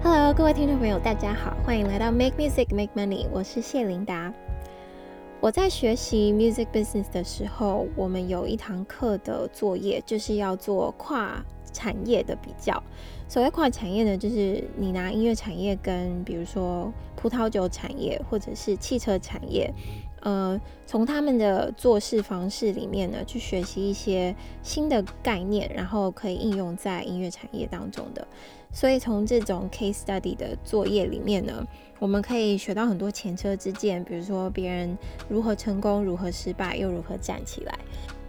Hello，各位聽眾朋友，大家好，歡迎來到《Make Music Make Money》，我是謝琳達。我在學習 music business 的時候，我們有一堂課的作業就是要做跨產業的比較。所謂跨產業呢，就是你拿音樂產業跟比如說葡萄酒產業或者是汽車產業。呃，從他們的做事方式裡面呢，去學習一些新的概念，然後可以應用在音樂產業當中的。所以從這種 case study 的作業裡面呢，我們可以學到很多前車之鑑，比如說別人如何成功，如何失敗，又如何站起來。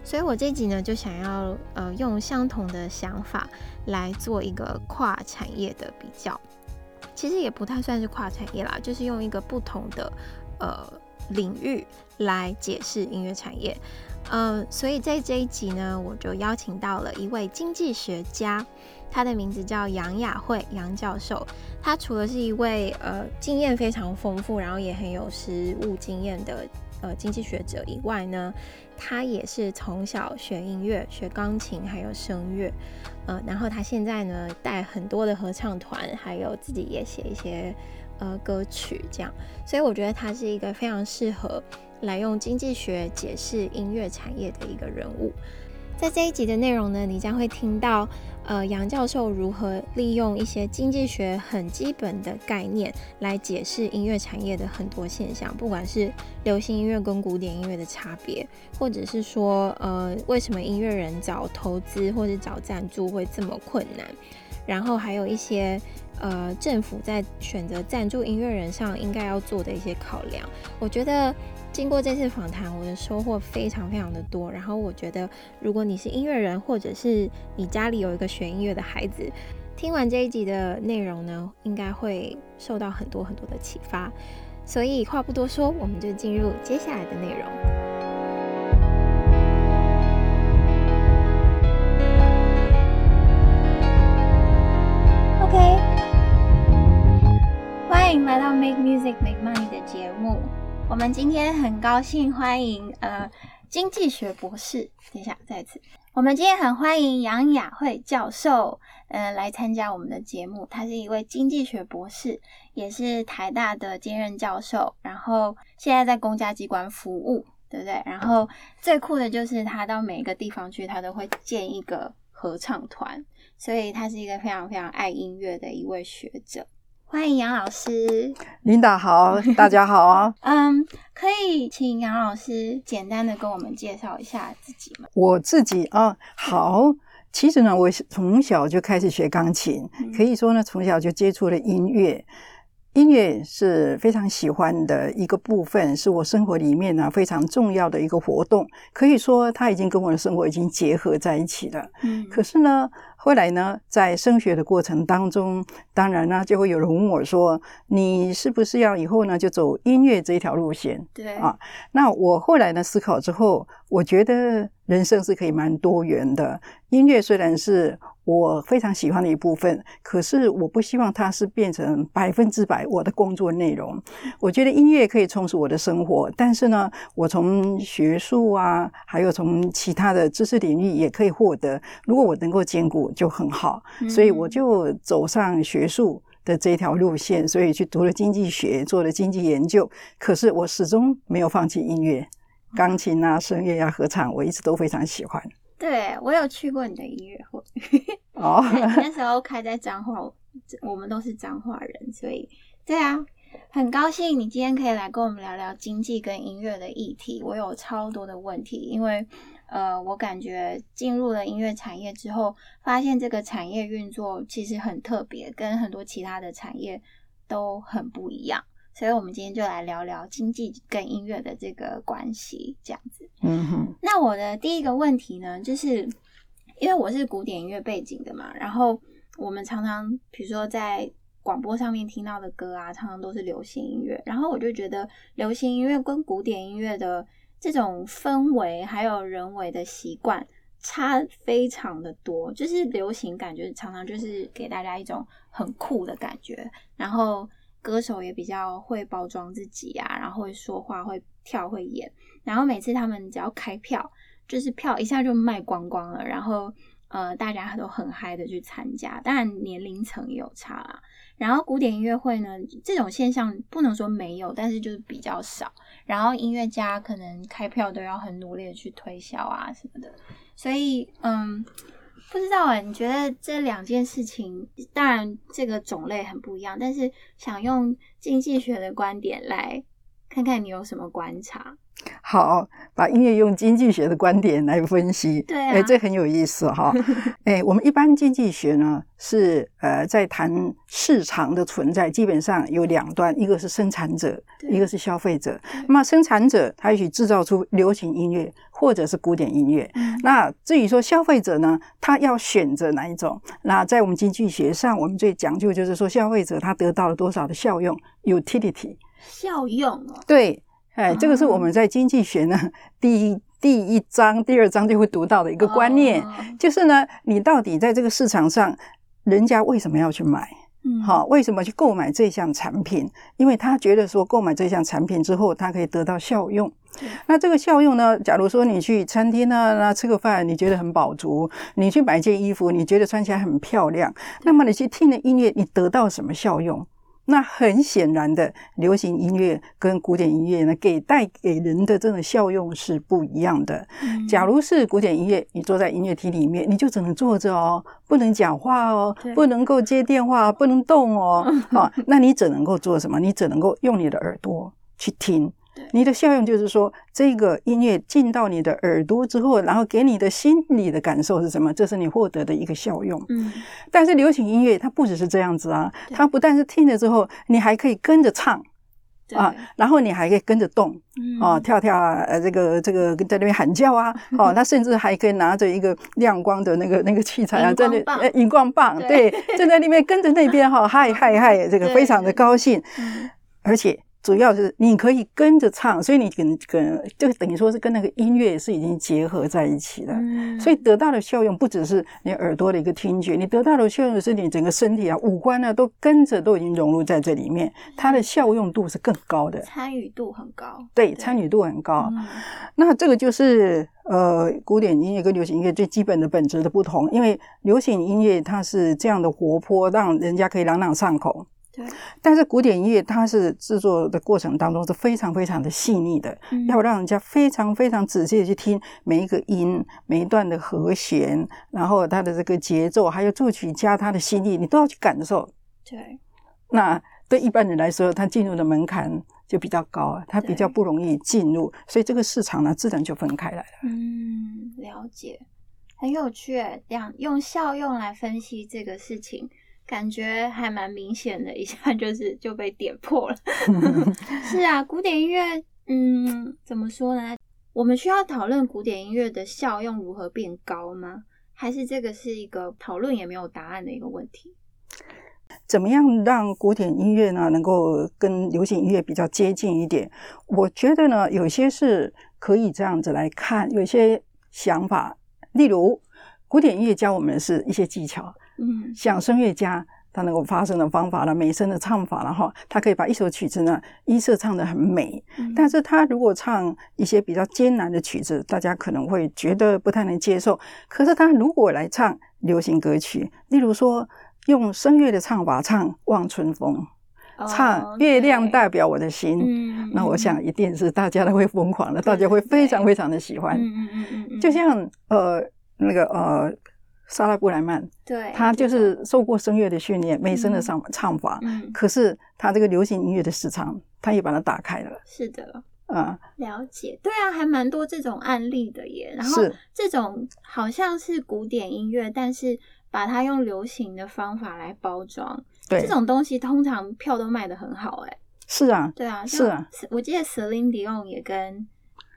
所以我這一集呢，就想要呃用相同的想法來做一個跨產業的比較，其實也不太算是跨產業啦，就是用一個不同的呃。領域來解釋音樂產業，嗯，所以在這一集呢，我就邀請到了一位經濟學家，他的名字叫楊雅惠楊教授。他除了是一位呃經驗非常豐富，然後也很有實務經驗的呃經濟學者以外呢，他也是從小學音樂、學鋼琴還有聲樂，呃，然後他現在呢帶很多的合唱團，還有自己也寫一些。呃，歌曲這樣，所以我覺得他是一個非常適合來用經濟學解釋音樂產業的一個人物。在這一集的內容呢，你將會聽到，呃，楊教授如何利用一些經濟學很基本的概念來解釋音樂產業的很多現象，不管是流行音樂跟古典音樂的差別，或者是說，呃，為什麼音樂人找投資或者找贊助會這麼困難。然後還有一些，呃，政府在選擇贊助音樂人上應該要做的一些考量。我覺得經過這次訪談，我的收穫非常非常的多。然後我覺得，如果你是音樂人，或者是你家裡有一個學音樂的孩子，聽完這一集的內容呢，應該會受到很多很多的啟發。所以話不多說，我們就進入接下來的內容。歡迎來到《Make Music Make Money》的節目。我們今天很高興歡迎呃經濟學博士，等一下，再一次，我們今天很歡迎楊雅惠教授，呃，來參加我們的節目。他是一位經濟學博士，也是台大的兼任教授，然後現在在公家機關服務，對不對？然後最酷的就是他到每一個地方去，他都會建一個合唱團，所以他是一個非常非常愛音樂的一位學者。歡迎楊老師，琳達好， 大家好，啊。嗯、um，可以請楊老師簡單的跟我們介紹一下自己嗎？我自己啊，好。嗯、其實呢，我從小就開始學鋼琴，嗯，可以說呢，從小就接觸了音樂。音樂是非常喜歡的一個部分，是我生活裡面呢，啊，非常重要的一個活動。可以說，它已經跟我的生活已經結合在一起了。嗯，可是呢，後來呢，在升學的過程當中，當然呢，就會有人問我說：“你是不是要以後呢，就走音樂這一條路線？”對。啊，那我後來呢，思考之後。我覺得人生是可以蠻多元的。音樂雖然是我非常喜歡的一部分，可是我不希望它是變成百分之百我的工作內容。我覺得音樂可以充實我的生活，但是呢，我從學術啊，還有從其他的知識領域也可以獲得。如果我能夠兼顧，就很好。所以我就走上學術的這條路線，所以去讀了經濟學，做了經濟研究。可是我始終沒有放棄音樂。鋼琴啊，聲樂啊，合唱，我一直都非常喜歡。對，我有去過你的音樂會哦，oh. 那時候開在彰化，我們都是彰化人，所以對啊，很高興你今天可以來跟我們聊聊經濟跟音樂的議題。我有超多的問題，因為呃，我感覺進入了音樂產業之後，發現這個產業運作其實很特別，跟很多其他的產業都很不一樣。所以，我們今天就來聊聊經濟跟音樂的這個關係，這樣子。嗯哼。那我的第一個問題呢，就是因為我是古典音樂背景的嘛，然後我們常常，比如說在廣播上面聽到的歌啊，常常都是流行音樂，然後我就覺得流行音樂跟古典音樂的這種氛圍還有人為的習慣差非常的多，就是流行感覺常常就是給大家一種很酷的感覺，然後。歌手也比較會包裝自己啊，然後會說話、會跳、會演，然後每次他們只要開票，就是票一下就賣光光了，然後呃大家都很嗨的去參加，但年齡層有差啊。然後古典音樂會呢，這種現象不能說沒有，但是就是比較少。然後音樂家可能開票都要很努力的去推銷啊什麼的，所以嗯。不知道啊，你覺得這兩件事情，當然這個種類很不一樣，但是想用經濟學的觀點來看看，你有什麼觀察？好，把音樂用經濟學的觀點來分析，對、啊、哎，這很有意思哈、哦。 哎，我們一般經濟學呢是呃在談市場的存在，基本上有兩端，一個是生產者，一個是消費者。那麼生產者他也許製造出流行音樂或者是古典音樂、嗯，那至於說消費者呢，他要選擇哪一種？那在我們經濟學上，我們最講究就是說消費者他得到了多少的效用 （utility）。效用、哦，對。哎，這個是我們在經濟學呢、嗯、第一第一章、第二章就會讀到的一個觀念、哦，就是呢，你到底在這個市場上，人家為什麼要去買？嗯，好、哦，為什麼去購買這項產品？因為他覺得說購買這項產品之後，他可以得到效用。嗯、那這個效用呢？假如說你去餐廳呢、啊，那吃個飯，你覺得很飽足；你去買件衣服，你覺得穿起來很漂亮。那麼你去聽了音樂，你得到什麼效用？那很顯然的，流行音樂跟古典音樂呢，給帶給人的這種效用是不一樣的。假如是古典音樂，你坐在音樂廳裡面，你就只能坐着哦，不能講話哦，不能夠接電話，不能動哦。好，啊，那你只能夠做什麼？你只能夠用你的耳朵去聽。你的效用就是說，這個音樂進到你的耳朵之後，然後給你的心理的感受是什麼？這是你獲得的一個效用。嗯，但是流行音樂它不只是這樣子啊，它不但是聽了之後，你還可以跟着唱，啊，然後你還可以跟着動，哦，跳跳啊，這個這個在那邊喊叫啊，哦，他甚至還可以拿着一個亮光的那個那個器材啊，在那熒光棒，對， 就在那邊跟着那邊哈、啊、嗨嗨嗨，這個非常的高興，而且。主要是你可以跟着唱，所以你跟跟就等於說是跟那個音樂是已經結合在一起了、嗯，所以得到的效用不只是你耳朵的一個聽覺，你得到的效用是你整個身體啊、五官啊，都跟着都已經融入在這裡面，嗯、它的效用度是更高的，參與度很高。對，對，參與度很高。嗯、那這個就是呃，古典音樂跟流行音樂最基本的本質的不同，因為流行音樂它是這樣的活潑，讓人家可以朗朗上口。但是古典音樂，它是製作的過程當中是非常非常的細膩的，嗯、要讓人家非常非常仔細的去聽每一個音、嗯、每一段的和弦、嗯，然後它的這個節奏，還有作曲家他的心意，你都要去感受。對，那對一般人來說，他進入的門檻就比較高啊，他比較不容易進入，所以這個市場呢，自然就分開來了。嗯，了解，很有趣，兩用效用來分析這個事情。感覺還蠻明顯的，一下就是就被點破了。 是啊，古典音樂，嗯，怎麼說呢？我們需要討論古典音樂的效用如何變高嗎？還是這個是一個討論也沒有答案的一個問題？怎麼樣讓古典音樂呢能夠跟流行音樂比較接近一點？我覺得呢，有些是可以這樣子來看，有些想法，例如古典音樂教我們的是一些技巧。嗯，像聲樂家，他那個發聲的方法了，美聲的唱法了哈，他可以把一首曲子呢，音色唱得很美，嗯。但是他如果唱一些比較艱難的曲子，大家可能會覺得不太能接受。可是他如果來唱流行歌曲，例如說用聲樂的唱法唱《望春風》哦，唱《月亮代表我的心》，嗯，那我想一定是大家都會瘋狂的，嗯，大家會非常非常的喜歡。嗯嗯嗯，嗯。就像呃那個呃。莎拉布萊曼，對，他就是受過聲樂的訓練，嗯、美聲的唱、嗯、唱法、嗯，可是他這個流行音樂的市場，他也把它打開了。是的，啊了解，對啊，還蠻多這種案例的耶。然後這種好像是古典音樂，但是把它用流行的方法來包裝，對，這種東西通常票都賣得很好、欸，哎，是啊，對啊，是啊，我記得 Celine Dion 也跟。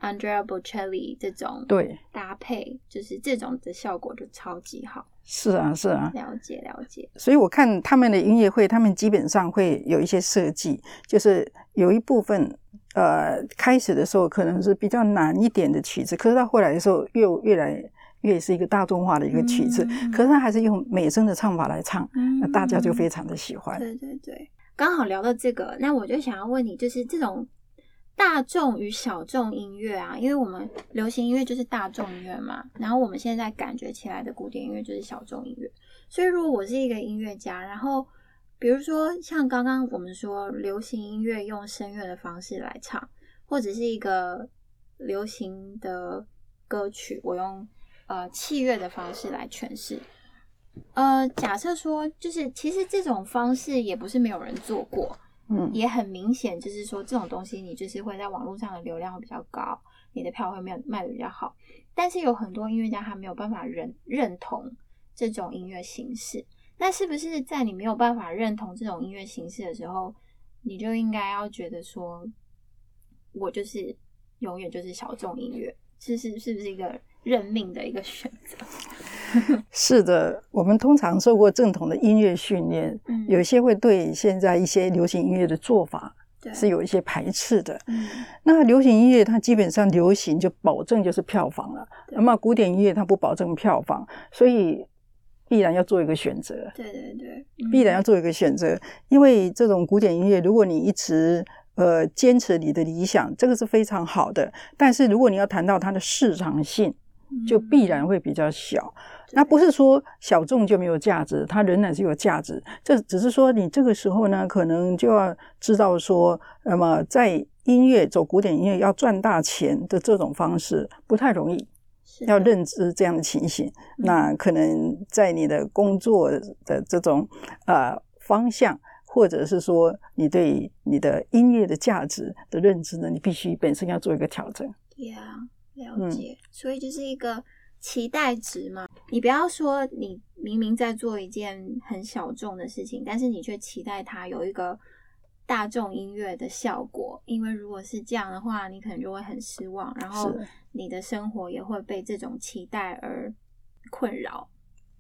Andrea Bocelli 這種搭配對，就是這種的效果就超級好。是啊，是啊，了解了解。所以我看他們的音樂會，他們基本上會有一些設計，就是有一部分，呃，開始的時候可能是比較難一點的曲子，可是到後來的時候，越越來越是一個大眾化的一個曲子，嗯，可是他還是用美聲的唱法來唱，嗯，那大家就非常的喜歡。對對對，剛好聊到這個，那我就想要問你，就是這種。大眾與小眾音樂啊，因為我們流行音樂就是大眾音樂嘛，然後我們現在感覺起來的古典音樂就是小眾音樂。所以，如果我是一個音樂家，然後比如說像剛剛我們說流行音樂用聲樂的方式來唱，或者是一個流行的歌曲，我用，呃，器樂的方式來詮釋。呃，假設說，就是其實這種方式也不是沒有人做過。嗯，也很明顯，就是說這種東西，你就是會在網絡上的流量會比較高，你的票會沒有賣的比較好。但是有很多音樂家他沒有辦法認認同這種音樂形式，那是不是在你沒有辦法認同這種音樂形式的時候，你就應該要覺得說，我就是永遠就是小眾音樂，是是是不是一個？認命的一個選擇。 是的，我們通常受過正統的音樂訓練，嗯，有些會對現在一些流行音樂的做法是有一些排斥的。嗯，那流行音樂它基本上流行就保證就是票房了，那麼古典音樂它不保證票房，所以必然要做一個選擇。對對對，嗯，必然要做一個選擇，因為這種古典音樂，如果你一直呃堅持你的理想，這個是非常好的。但是如果你要談到它的市場性，就必然會比較小、嗯，那不是說小眾就沒有價值，它仍然是有價值。這只是說你這個時候呢，可能就要知道說，那、嗯、麼在音樂走古典音樂要賺大錢的這種方式不太容易，要認知這樣的情形的。那可能在你的工作的這種、嗯、呃方向，或者是說你對你的音樂的價值的認知呢，你必須本身要做一個調整。Yeah. 了解，嗯，所以就是一個期待值嘛。你不要說你明明在做一件很小眾的事情，但是你卻期待它有一個大眾音樂的效果，因為如果是這樣的話，你可能就會很失望，然後你的生活也會被這種期待而困擾。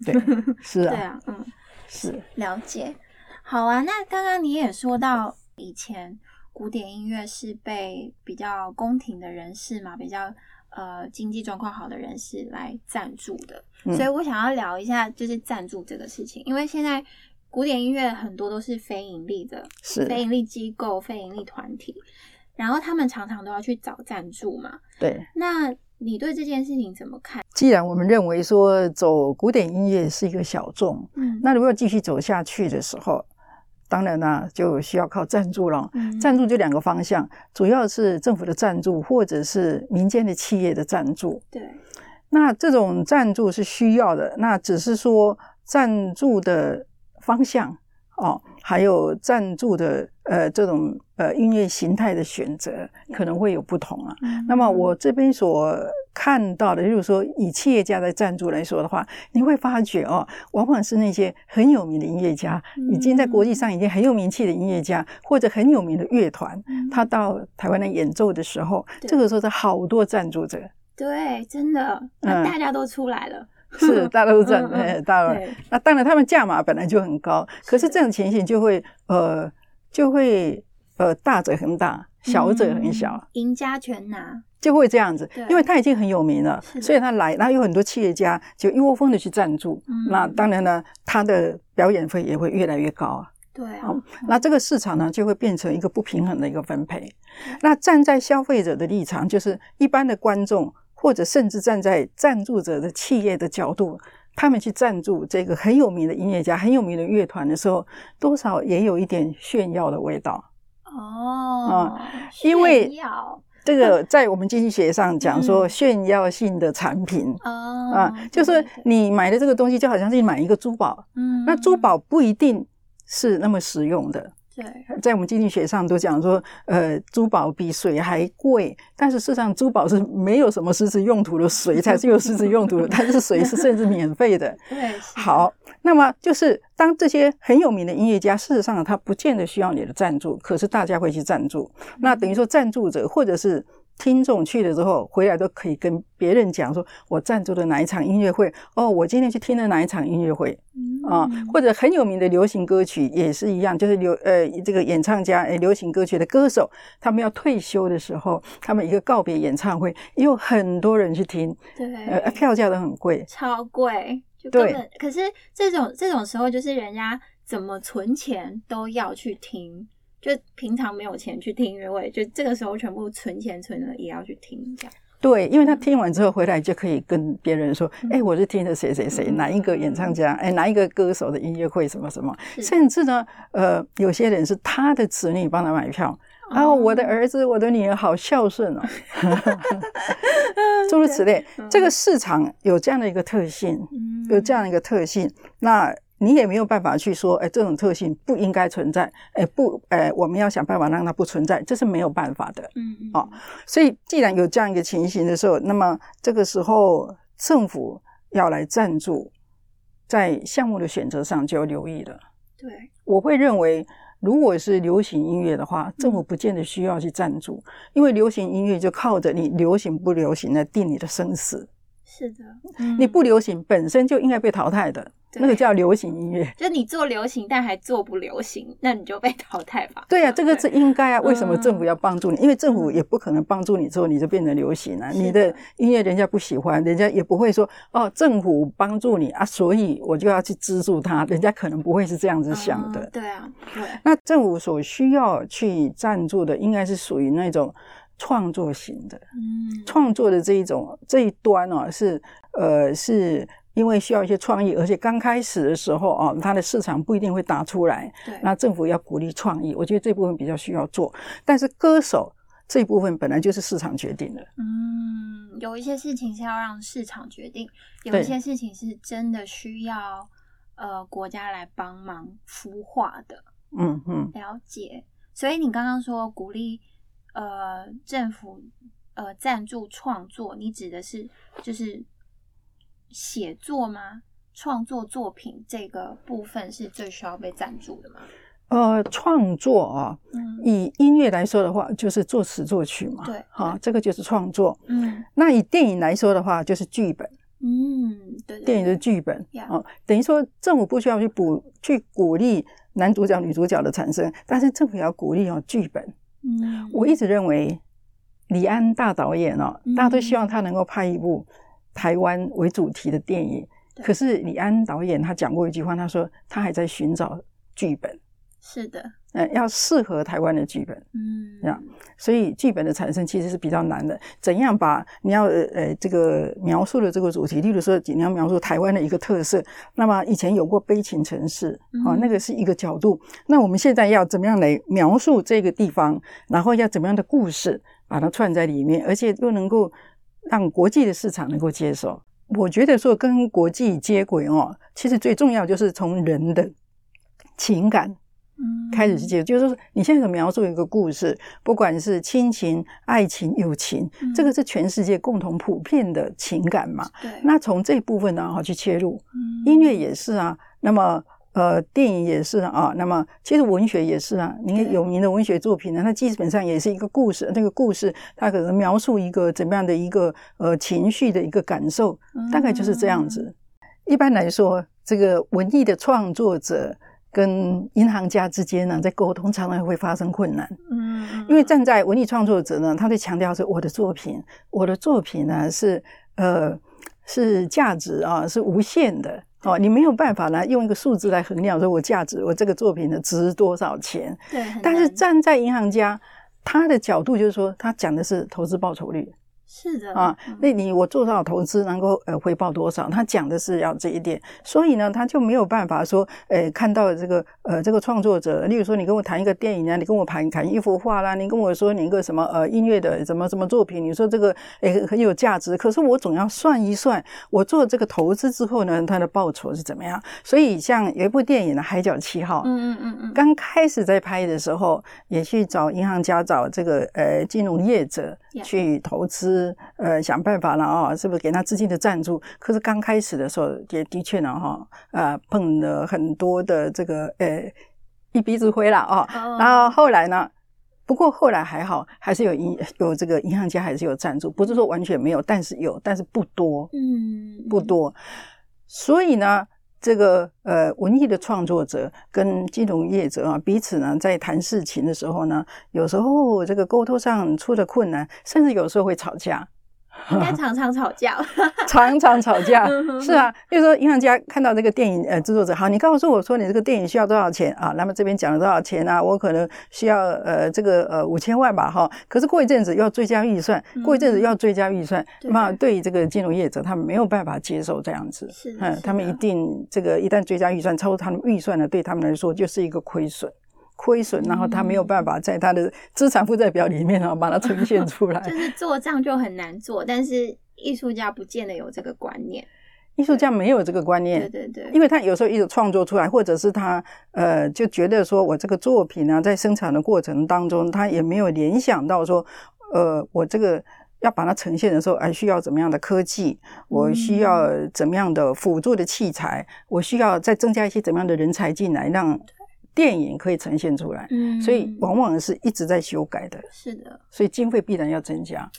對，是啊， 對啊，嗯，是，是，了解。好啊，那剛剛你也說到，以前古典音樂是被比較宮廷的人士嘛，比較。呃，經濟狀況好的人士來贊助的，所以我想要聊一下就是贊助這個事情，嗯、因為現在古典音樂很多都是非盈利的，是非盈利機構、非盈利團體，然後他們常常都要去找贊助嘛。對，那你對這件事情怎麼看？既然我們認為說走古典音樂是一個小眾，嗯，那如果繼續走下去的時候。當然呢、啊，就需要靠贊助了。嗯，贊助就兩個方向，主要是政府的贊助，或者是民間的企業的贊助。對，那這種贊助是需要的，那只是說贊助的方向。哦，還有贊助的呃這種呃音樂形態的選擇可能會有不同啊。嗯、那麼我這邊所看到的，就是說以企業家的贊助來說的話，你會發覺哦，往往是那些很有名的音樂家，嗯，已經在國際上已經很有名氣的音樂家，嗯，或者很有名的樂團，嗯，他到台灣來演奏的時候，這個時候是好多贊助者，對，真的，那大家都出來了。嗯 是，大都是這樣的。那當然，他們價碼本來就很高，可是這種情形就會，呃，就會，呃，大者很大，小者很小，嗯、贏家全拿，就會這樣子。因為他已經很有名了，所以他來，然後有很多企業家就一窩蜂的去贊助、嗯。那當然呢，他的表演費也會越來越高啊。對啊、嗯，那這個市場呢，就會變成一個不平衡的一個分配。嗯、那站在消費者的立場，就是一般的觀眾。或者甚至站在贊助者的企業的角度，他們去贊助這個很有名的音樂家、很有名的樂團的時候，多少也有一點炫耀的味道。哦，啊，炫耀。因為這個在我們經濟學上講說，炫耀性的產品。哦、嗯嗯，啊，就是你買的這個東西，就好像是你買一個珠寶。嗯，那珠寶不一定是那麼實用的。在我們經濟學上都講說，呃，珠寶比水還貴，但是事實上，珠寶是沒有什麼實質用途的，水才是有實質用途的， 但是水是甚至免費的。對， 好，那麼就是當這些很有名的音樂家，事實上他不見得需要你的贊助，可是大家會去贊助。嗯。那等於說，贊助者或者是。聽眾去了之後，回來都可以跟別人講說：“我贊助的哪一場音樂會？哦，我今天去聽了哪一場音樂會、嗯？啊，或者很有名的流行歌曲也是一樣，就是流呃這個演唱家，呃，流行歌曲的歌手，他們要退休的時候，他們一個告別演唱會，又很多人去聽，對，呃、票價都很貴，超貴，對。可是這種這種時候，就是人家怎麼存錢都要去聽。”就平常沒有錢去聽音樂會，就這個時候全部存錢存了也要去聽一下。對，因為他聽完之後回來就可以跟別人說：“哎、嗯欸，我是聽的誰誰誰、嗯、哪一個演唱家，哎、嗯欸，哪一個歌手的音樂會什麼什麼。”甚至呢，呃，有些人是他的子女幫他買票、哦，然後我的兒子、我的女兒好孝順哦，諸、哦、 如此類、嗯。這個市場有這樣的一個特性，嗯、有這樣的一個特性，那。你也沒有辦法去說，哎，這種特性不應該存在，哎，不，哎，我們要想辦法讓它不存在，這是沒有辦法的。嗯，嗯，哦，所以既然有這樣一個情形的時候，那麼這個時候政府要來贊助，在項目的選擇上就要留意了。對，我會認為，如果是流行音樂的話，政府不見得需要去贊助，嗯，因為流行音樂就靠着你流行不流行來定你的生死。是的，嗯，你不流行本身就應該被淘汰的。那個叫流行音樂，就你做流行，但還做不流行，那你就被淘汰吧。對啊，對。這個是應該啊。為什麼政府要幫助你？嗯，因為政府也不可能幫助你之後你就變成流行啊。嗯，你的音樂人家不喜歡，人家也不會說哦，政府幫助你啊，所以我就要去資助他。人家可能不會是這樣子想的。嗯，對啊，對。那政府所需要去贊助的，應該是屬於那種創作型的，嗯，創作的這一種這一端哦，是呃是。因為需要一些創意，而且剛開始的時候啊、哦，它的市場不一定會打出來。對。那政府要鼓勵創意，我覺得這部分比較需要做。但是歌手這部分本來就是市場決定的。嗯，有一些事情是要讓市場決定，有一些事情是真的需要呃國家來幫忙孵化的。嗯嗯。了解。所以你剛剛說鼓勵呃政府呃贊助創作，你指的是就是。寫作嗎？創作作品這個部分是最需要被贊助的嗎？呃，創作啊，嗯、以音樂來說的話，就是作詞作曲嘛，對，哈、啊，這個就是創作，嗯，那以電影來說的話，就是劇本，嗯，對，對，對，電影的劇本啊，等於說政府不需要去補去鼓勵男主角女主角的產生，但是政府要鼓勵啊、哦，劇本，嗯，我一直認為李安大導演哦、啊，大家都希望他能夠拍一部。台灣為主題的電影，可是李安導演他講過一句話，他說他還在尋找劇本。是的，嗯、呃，要適合台灣的劇本，嗯，啊，所以劇本的產生其實是比較難的。怎樣把你要呃，呃這個描述的這個主題，例如說你要描述台灣的一個特色，那麼以前有過《悲情城市》啊、哦嗯，那個是一個角度。那我們現在要怎麼樣來描述這個地方？然後要怎麼樣的故事把它串在裡面，而且又能夠。讓國際的市場能夠接受，我覺得說跟國際接軌哦，其實最重要就是從人的情感開始接軌，嗯，就是說你現在所描述一個故事，不管是親情、愛情、友情、嗯，這個是全世界共同普遍的情感嘛？對、嗯。那從這部分呢，好去切入，嗯、音樂也是啊。那麼。呃，電影也是啊。那麼，其實文學也是啊。你有名的文學作品呢，它基本上也是一個故事。那個故事，它可能描述一個怎麼樣的一個呃情緒的一個感受，大概就是這樣子。一般來說，這個文藝的創作者跟銀行家之間呢，在溝通常常會發生困難。嗯，因為站在文藝創作者呢，他在強調說，我的作品，我的作品呢，啊，是呃是價值啊，是無限的。哦，你沒有辦法來用一個數字來衡量，說我價值，我這個作品呢值多少錢？對。但是站在銀行家，他的角度就是說，他講的是投資報酬率。是的、嗯、啊，那你我做多少投資能夠呃回報多少？他講的是要這一點，所以呢，他就沒有辦法說呃看到這個呃這個創作者，例如說你跟我談一個電影啊，你跟我談談一幅畫啦，你跟我說你一個什麼呃音樂的什麼什麼作品，你說這個誒、呃、很有價值，可是我總要算一算，我做這個投資之後呢，他的報酬是怎麼樣？所以像有一部電影的《海角七號》，嗯嗯嗯嗯，剛開始在拍的時候也去找銀行家找這個呃金融業者。Yeah. 去投資，呃，想辦法了哦，是不是給他資金的贊助？可是剛開始的時候，也的確呢，哈、哦，呃，碰了很多的這個，呃、欸，一鼻子灰了啊。哦 oh. 然後後來呢，不過後來還好，還是有銀有這個銀行家還是有贊助，不是說完全沒有，但是有，但是不多，嗯、mm.，不多。所以呢。這個呃，文藝的創作者跟金融業者啊，彼此呢，在談事情的時候呢，有時候這個溝通上出了困難，甚至有時候會吵架。應該常常吵架， 常常吵架，是啊。就是說，銀行家看到這個電影呃，制作者，好，你告訴我說你這個電影需要多少錢啊？那麼這邊講了多少錢啊，我可能需要呃這個呃五千萬吧，哈。可是過一陣子要追加預算、嗯，過一陣子要追加預算，那對於這個金融業者，他們沒有辦法接受這樣子，是嗯，是，他們一定這個一旦追加預算超出他們預算呢，對他們來說就是一個虧損。虧損，然後他沒有辦法在他的資產負債表裡面、嗯、然後把它呈現出來，就是做賬就很難做。但是藝術家不見得有這個觀念，藝術家沒有這個觀念，對對，對對，因為他有時候一直創作出來，或者是他呃就覺得說我這個作品呢、啊、在生產的過程當中，他也沒有聯想到說，呃，我這個要把它呈現的時候，還、呃、需要怎麼樣的科技，我需要怎麼樣的輔助的器材，嗯、我需要再增加一些怎麼樣的人才進來讓。電影可以呈現出來、嗯，所以往往是一直在修改的。是的，所以經費必然要增加。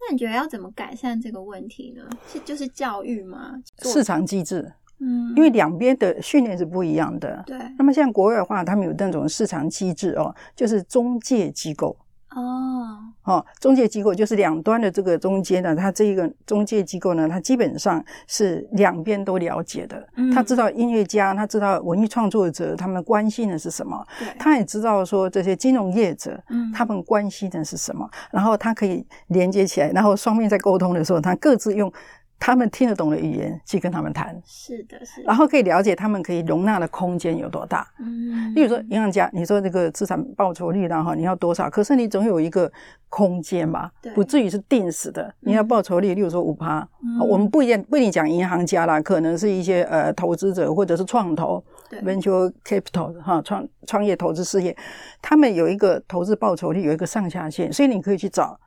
那你覺得要怎麼改善這個問題呢？是就是教育嗎？市場機制，嗯，因為兩邊的訓練是不一樣的。對。那麼像國外的話，他們有那種市場機制哦，就是中介機構哦。哦，中介機構就是兩端的這個中間呢，他這一個中介機構呢，他基本上是兩邊都了解的，他、嗯、知道音樂家，他知道文藝創作者他們關心的是什麼，他也知道說這些金融業者、嗯，他們關心的是什麼，然後他可以連接起來，然後雙面在溝通的時候，他各自用。他們聽得懂的語言去跟他們談，是的，是。然後可以了解他們可以容納的空間有多大。嗯，例如說銀行家，你說這個資產報酬率，然後你要多少？可是你總有一個空間吧？對、嗯。不至於是定死的。你要報酬率，嗯、例如說五趴。嗯。我們不一定不一定講銀行家啦，可能是一些呃投資者或者是創投對，venture capital 哈創創業投資事業，他們有一個投資報酬率，有一個上下限，所以你可以去找。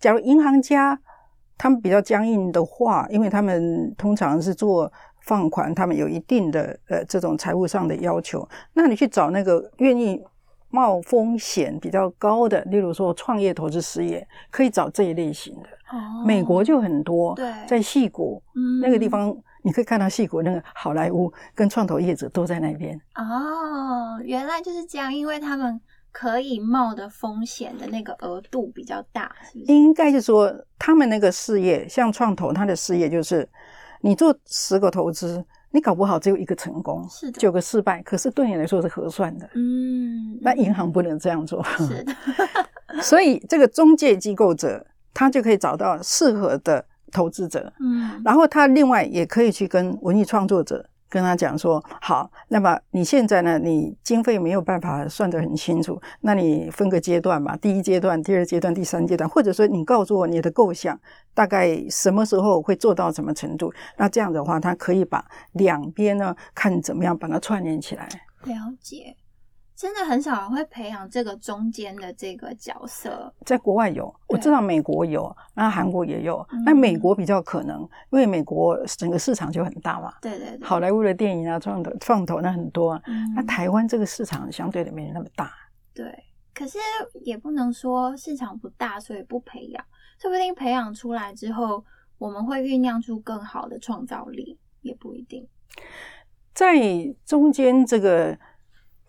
假如銀行家。他們比較僵硬的話，因為他們通常是做放款，他們有一定的呃這種財務上的要求。那你去找那個願意冒風險比較高的，例如說創業投資事業，可以找這一類型的。哦。美國就很多。對。在矽谷、嗯、那個地方，你可以看到矽谷那個好萊塢跟創投業者都在那邊。哦，原來就是這樣，因為他們。可以冒的風險的那個額度比較大，是不是？應該是說他們那個事業，像創投，他的事業就是你做十個投資，你搞不好只有一個成功，九個失敗，可是對你來說是合算的。嗯，那銀行不能這樣做，是的。 所以這個中介機構者，他就可以找到適合的投資者，嗯，然後他另外也可以去跟文藝創作者。跟他講說好，那麼你現在呢？你經費沒有辦法算得很清楚，那你分個階段吧。第一階段、第二階段、第三階段，或者說你告訴我你的構想大概什麼時候會做到什麼程度？那這樣的話，他可以把兩邊呢，看怎麼樣把它串聯起來。了解。真的很少人會培養這個中間的這個角色，在國外有，我知道美國有，那韓國也有、嗯，那美國比較可能，因為美國整個市場就很大嘛。對對對。好萊塢的電影啊，創投創投那很多啊。啊、嗯、那台灣這個市場相對的沒那麼大。對，可是也不能說市場不大，所以不培養，說不定培養出來之後，我們會醞釀出更好的創造力，也不一定。在中間這個。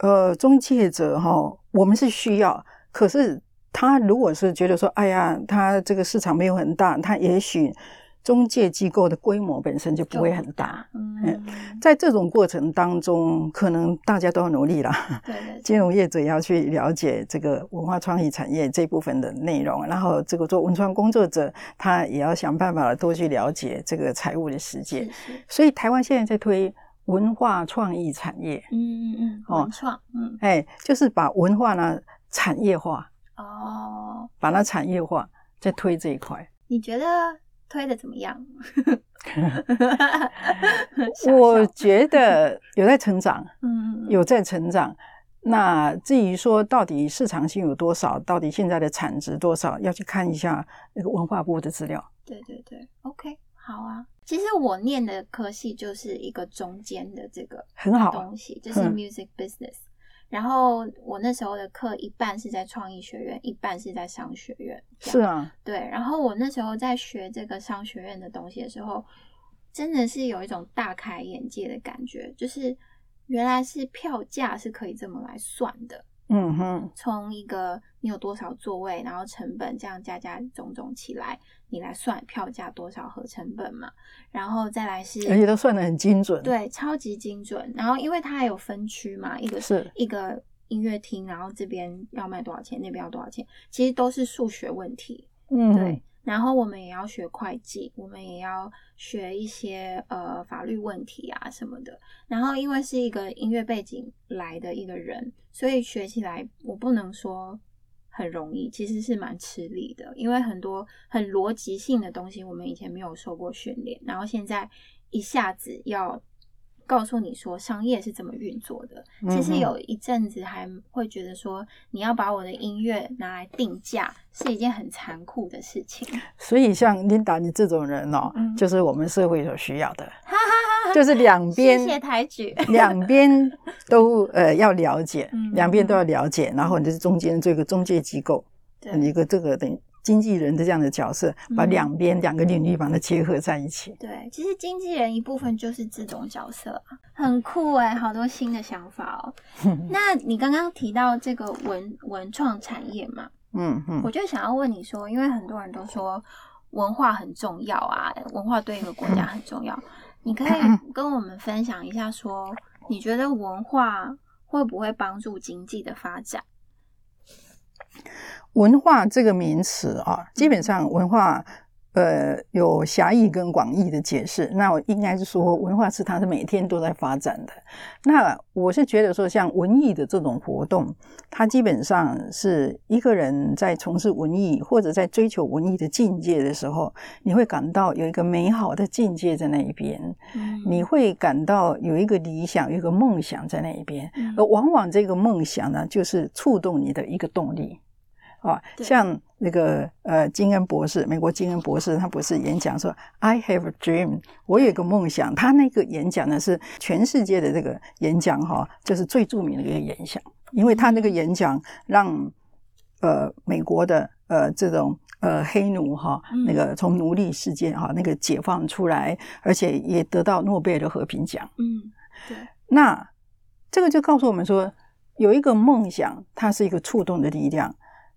呃，中介者吼，我們是需要、嗯。可是他如果是覺得說，哎呀，他這個市場沒有很大，他也許中介機構的規模本身就不會很大，嗯。嗯，在這種過程當中，可能大家都要努力啦、嗯。金融業者也要去了解這個文化創意產業這部分的內容，然後這個做文創工作者，他也要想辦法多去了解這個財務的世界。是是。所以，台灣現在在推。文化創意產業，嗯嗯嗯，哦、文創，嗯，哎，就是把文化呢產業化，哦，把它產業化再推這一塊，你覺得推得怎麼樣 小小？我覺得有在成長，嗯，有在成長。那至於說到底市場性有多少，到底現在的產值多少，要去看一下那個文化部的資料。對對對，OK，好啊。其實我念的科系就是一個中間的這個很好東西，就是 music business，嗯。然後我那時候的課一半是在創意學院，一半是在商學院。是啊，對。然後我那時候在學這個商學院的東西的時候，真的是有一種大開眼界的感覺，就是原來是票價是可以這麼來算的。嗯哼，從一個你有多少座位，然後成本這樣加加種種起來，你來算票價多少和成本嘛，然後再來是，而且都算的很精準，對，超級精準。然後因為它還有分區嘛，一個是一個音樂廳，然後這邊要賣多少錢，那邊要多少錢，其實都是數學問題，嗯，對。然後我們也要學會計，我們也要學一些呃法律問題啊什麼的。然後因為是一個音樂背景來的一個人，所以學起來我不能說很容易，其實是蠻吃力的。因為很多很邏輯性的東西，我們以前沒有受過訓練，然後現在一下子要。告訴你說商業是怎麼運作的，其實有一陣子還會覺得說，你要把我的音樂拿來定價是一件很殘酷的事情。所以像琳達你這種人哦、嗯，就是我們社會所需要的，哈哈哈哈，就是兩邊，謝謝抬舉，兩邊都呃要了解、嗯，兩邊都要了解，然後你就是中間做一個中介機構，一個這個等。經紀人的這樣的角色，把兩邊兩個領域把它結合在一起。嗯，對，其實經紀人一部分就是這種角色，很酷欸，好多新的想法喔。那你剛剛提到這個文文創產業嘛，嗯嗯，我就想要問你說，因為很多人都說文化很重要啊，文化對一個國家很重要，嗯，你可以跟我們分享一下說，你覺得文化會不會幫助經濟的發展？文化這個名詞啊，基本上文化呃有狹義跟廣義的解釋。那我應該是說，文化是它是每天都在發展的。那我是覺得說，像文藝的這種活動，它基本上是一個人在從事文藝或者在追求文藝的境界的時候，你會感到有一個美好的境界在那一邊。嗯，你會感到有一個理想、有一個夢想在那一邊。而往往這個夢想呢，就是觸動你的一個動力。啊，像那個呃，金恩博士，美國金恩博士，他不是演講說 “I have a dream”，我有一個夢想。他那個演講呢，是全世界的這個演講哈，就是最著名的一個演講，因為他那個演講讓呃美國的呃這種呃黑奴哈、呃，那個從奴隸世界哈、呃、那個解放出來，而且也得到諾貝爾的和平獎。嗯，對。那這個就告訴我們說，有一個夢想，它是一個觸動的力量。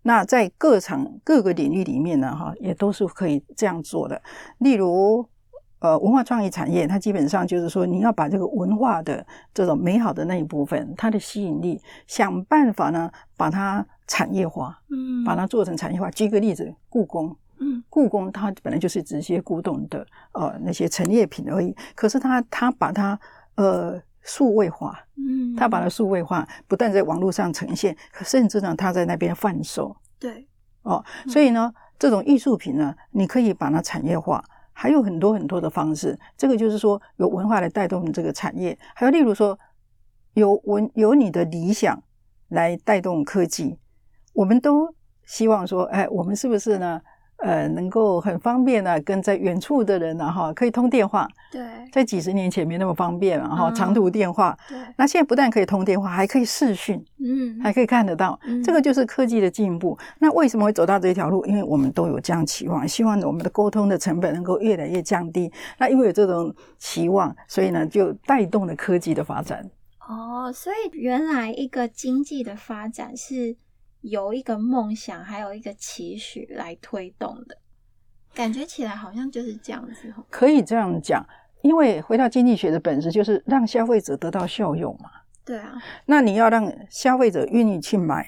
那在各場各個領域裡面呢，哈，也都是可以這樣做的。例如，呃，文化創意產業，它基本上就是說，你要把這個文化的這種美好的那一部分，它的吸引力，想辦法呢，把它產業化，嗯，把它做成產業化。舉個例子，故宮，嗯，故宮它本來就是指一些古董的，呃，那些陳列品而已，可是它它把它，呃。數位，位化，嗯，他把它數位化，不但在網絡上呈現，甚至呢，他在那邊販售。對，哦、嗯，所以呢，這種藝術品呢，你可以把它產業化，還有很多很多的方式。這個就是說，有文化來帶動這個產業，還有例如說，有文，有你的理想來帶動科技。我們都希望說，哎，我們是不是呢？呃，能夠很方便啊，跟在遠處的人呢、啊，哈，可以通電話。對，在幾十年前沒那麼方便、啊，然後、嗯、長途電話。對，那現在不但可以通電話，還可以視訊，嗯，還可以看得到。嗯，這個就是科技的進步。那為什麼會走到這條路？因為我們都有這樣期望，希望我們的溝通的成本能夠越來越降低。那因為有這種期望，所以呢，就帶動了科技的發展。哦，所以原來一個經濟的發展是。有一個夢想，還有一個期許來推動的，感覺起來好像就是這樣子。可以這樣講，因為回到經濟學的本質，就是讓消費者得到效用嘛。對啊，那你要讓消費者願意去買，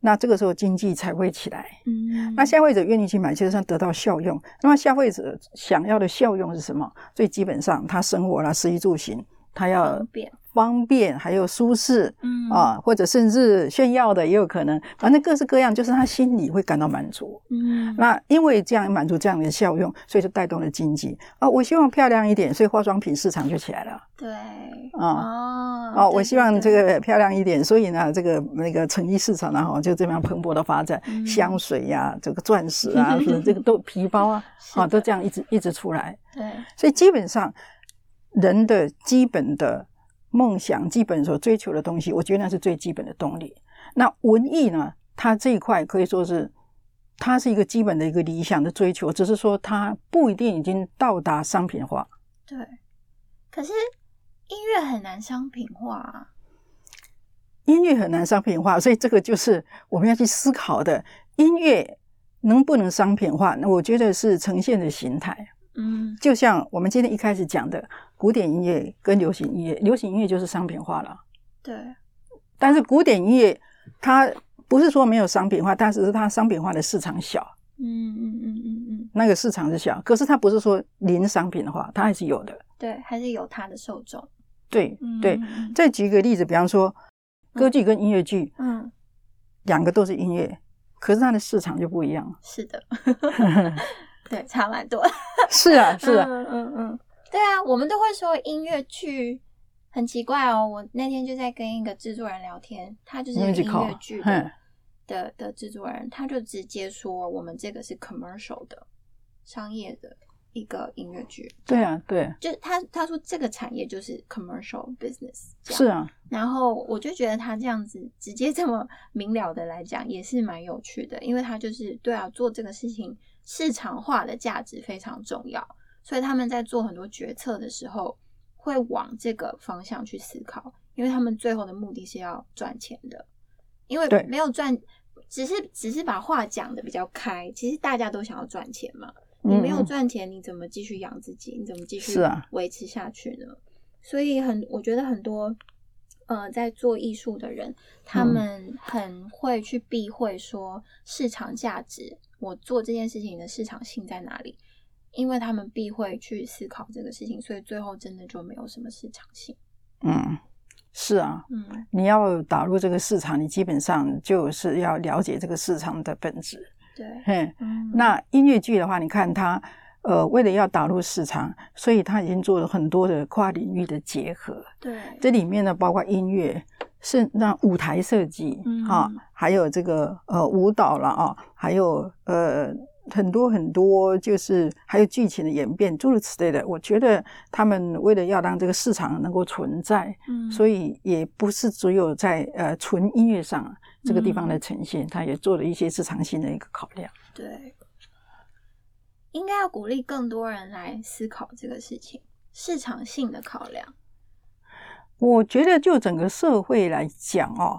那這個時候經濟才會起來。嗯，那消費者願意去買，就是要得到效用。那麼消費者想要的效用是什麼？最基本上，他生活啦，食衣住行，他要。方便還有舒適，嗯啊，或者甚至炫耀的也有可能，反正各式各樣，就是他心裡會感到滿足，嗯。那因為這樣滿足這樣的效用，所以就帶動了經濟啊。我希望漂亮一點，所以化妝品市場就起來了，對啊哦，啊對對對，我希望這個漂亮一點，所以呢，這個那個成衣市場呢，吼，就這麼樣蓬勃的發展，嗯、香水呀、啊，這個鑽石啊， 這個都皮包啊，啊，都這樣一直一直出來，對。所以基本上人的基本的。夢想基本所追求的東西，我覺得那是最基本的動力。那文藝呢？它這一塊可以說是，它是一個基本的一個理想的追求，只是說它不一定已經到達商品化。對，可是音樂很難商品化啊，音樂很難商品化，所以這個就是我們要去思考的：音樂能不能商品化？那我覺得是呈現的形態。嗯，就像我們今天一開始講的，古典音樂跟流行音樂，流行音樂就是商品化了。對，但是古典音樂它不是說沒有商品化，但是它商品化的市場小。嗯嗯嗯嗯嗯，那個市場是小，可是它不是說零商品化，它還是有的。對，還是有它的受眾。對、嗯、對，再舉個例子，比方說歌劇跟音樂劇，嗯，嗯，兩個都是音樂，可是它的市場就不一樣。是的。 對，差蠻多。 是啊，是啊，嗯嗯，嗯，對啊，我們都會說音樂劇，很奇怪哦。我那天就在跟一個制作人聊天，他就是音樂劇的的的、的制作人，他就直接說我們這個是 commercial 的，商業的一個音樂劇。對，對啊，對，就他他說這個產業就是 commercial business。是啊，然後我就覺得他這樣子直接這麼明了的來講也是蠻有趣的，因為他就是對啊做這個事情。市場化的價值非常重要，所以他們在做很多決策的時候，會往這個方向去思考。因為他們最後的目的是要賺錢的，因為沒有賺，只是只是把話講得比較開。其實大家都想要賺錢嘛、嗯，你沒有賺錢，你怎麼繼續養自己？你怎麼繼續維持下去呢？啊、所以很，我覺得很多呃，在做藝術的人，他們很會去避諱說市場價值。我做這件事情的市場性在哪裡？因為他們避諱去思考這個事情，所以最後真的就沒有什麼市場性。嗯，是啊，嗯，你要打入這個市場，你基本上就是要了解這個市場的本質。對，嗯，那音樂劇的話，你看它，呃，為了要打入市場，所以它已經做了很多的跨領域的結合。對，這裡面呢，包括音樂。是那舞台設計，嗯，啊，還有這個呃舞蹈了，啊，還有呃很多很多，就是還有劇情的演變，諸如此類的。我覺得他們為了要讓這個市場能夠存在，嗯，所以也不是只有在呃純音樂上這個地方的呈現，嗯，他也做了一些市場性的一個考量。對，應該要鼓勵更多人來思考這個事情，市場性的考量。我覺得，就整個社會來講哦，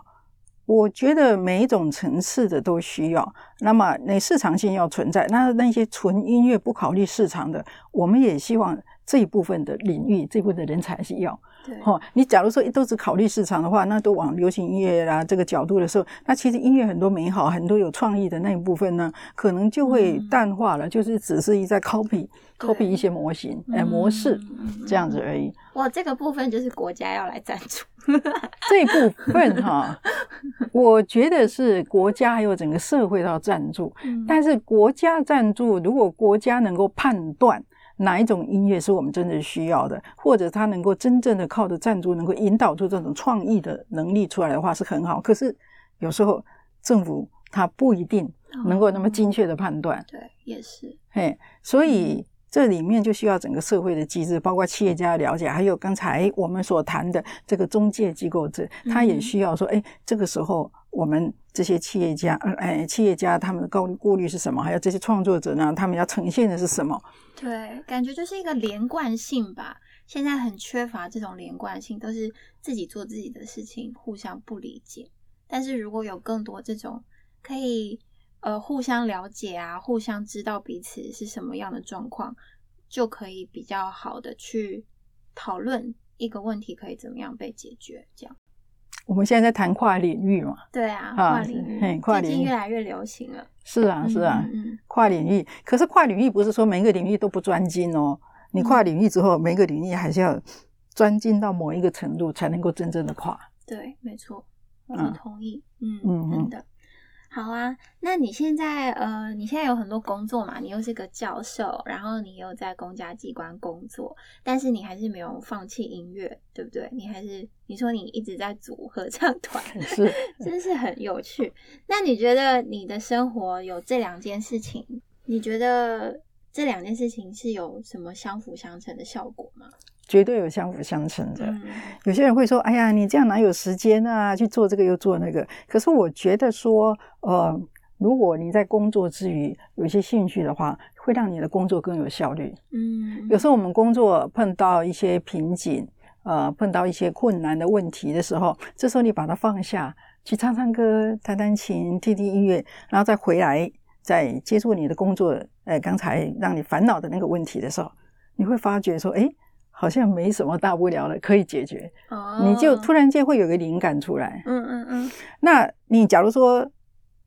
我覺得每一種層次的都需要。那麼，那市場性要存在，那那些純音樂不考慮市場的，我們也希望這一部分的領域，這部分的人才是要。對哦，你假如說都只考慮市場的話，那都往流行音樂啦、嗯、這個角度的時候，那其實音樂很多美好、很多有創意的那一部分呢，可能就會淡化了，嗯、就是只是一再 copy copy 一些模型、哎、嗯呃、模式、嗯、這樣子而已。我這個部分就是國家要來贊助。 這部分哈、啊， 我覺得是國家還有整個社會都要贊助、嗯。但是國家贊助，如果國家能夠判斷。哪一種音樂是我們真正需要的，或者他能夠真正的靠着贊助能夠引導出這種創意的能力出來的話，是很好。可是有時候政府他不一定能夠那麼精確的判斷。嗯，對，也是。嘿。所以。嗯這裡面就需要整個社會的機制，包括企業家的了解，還有剛才、哎、我們所談的這個中介機構制，它也需要說：哎，這個時候我們這些企業家，哎，企業家他們的高顧慮是什麼？還有這些創作者呢，他們要呈現的是什麼？對，感覺就是一個連貫性吧。現在很缺乏這種連貫性，都是自己做自己的事情，互相不理解。但是如果有更多這種可以。呃，互相了解啊，互相知道彼此是什麼樣的狀況，就可以比較好的去討論一個問題可以怎麼樣被解決。這樣，我們現在在談跨領域嘛。對啊，啊跨領域，跨領域越來越流行了。是啊，是啊，嗯嗯嗯，跨領域。可是跨領域不是說每個領域都不專精哦，你跨領域之後，嗯、每個領域還是要專精到某一個程度，才能夠真正的跨。對，沒錯，我同意。嗯嗯嗯，真的。好啊，那你現在呃，你現在有很多工作嘛，你又是個教授，然後你又在公家機關工作，但是你還是沒有放棄音樂，對不對？你還是你說你一直在組合唱團，是， 真是很有趣。那你覺得你的生活有這兩件事情？你覺得這兩件事情是有什麼相輔相成的效果嗎？絕對有相輔相成的。有些人會說：“哎呀，你這樣哪有時間啊？去做這個又做那個。”可是我覺得說，呃，如果你在工作之餘有一些興趣的話，會讓你的工作更有效率。嗯，有時候我們工作碰到一些瓶頸，呃，碰到一些困難的問題的時候，這時候你把它放下，去唱唱歌，彈彈琴，聽聽音樂，然後再回來再接觸你的工作。哎、呃，剛才讓你煩惱的那個問題的時候，你會發覺說：“哎。”好像沒什麼大不了的，可以解決。Oh. 你就突然間會有一個靈感出來。嗯嗯嗯。那你假如說